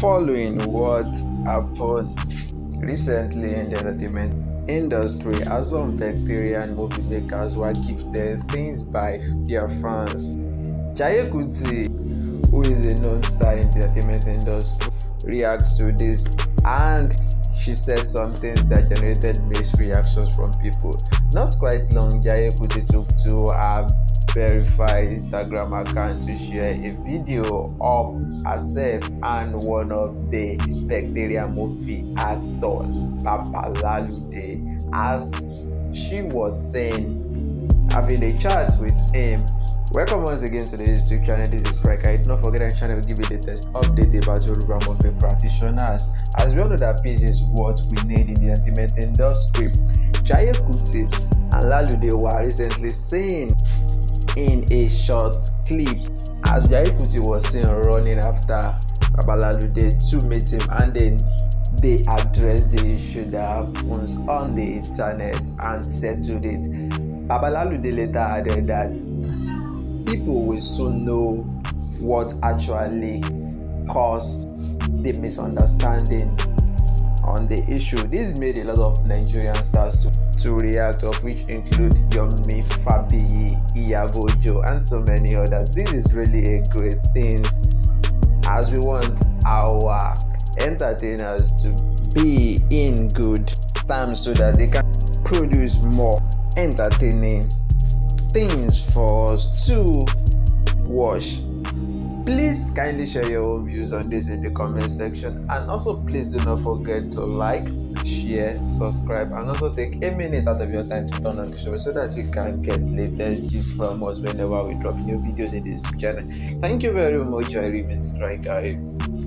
following what happened recently in the entertainment industry as some bacteria and movie makers were gifted things by their fans. Jaye Kuti, who is a known star in the entertainment industry, reacts to this and she said some things that generated mixed reactions from people. Not quite long, Jaye Kuti took to her verified Instagram account to share a video of herself and one of the Victoria movie actor Babalalude as she was saying, having a chat with him Welcome once again to the YouTube channel. This is Striker. Don't forget that channel will give you the latest update about your Yoruba movie practitioners. As we all know that peace is what we need in the entertainment industry. Jaye Kuti and Lalude were recently seen in a short clip as Jai was seen running after Babalalude to meet him and then they addressed the issue that happens on the internet and settled it. Babalalude later added that people will soon know what actually caused the misunderstanding on the issue. This made a lot of Nigerian stars to Turiak, of which include Yomi Fabi, Iyabojo, and so many others. This is really a great thing as we want our entertainers to be in good time so that they can produce more entertaining things for us to watch please kindly share your own views on this in the comment section and also please do not forget to like share, subscribe, and also take a minute out of your time to turn on the show so that you can get latest gist from us whenever we drop new videos in this channel. Thank you very much. I remain Striker.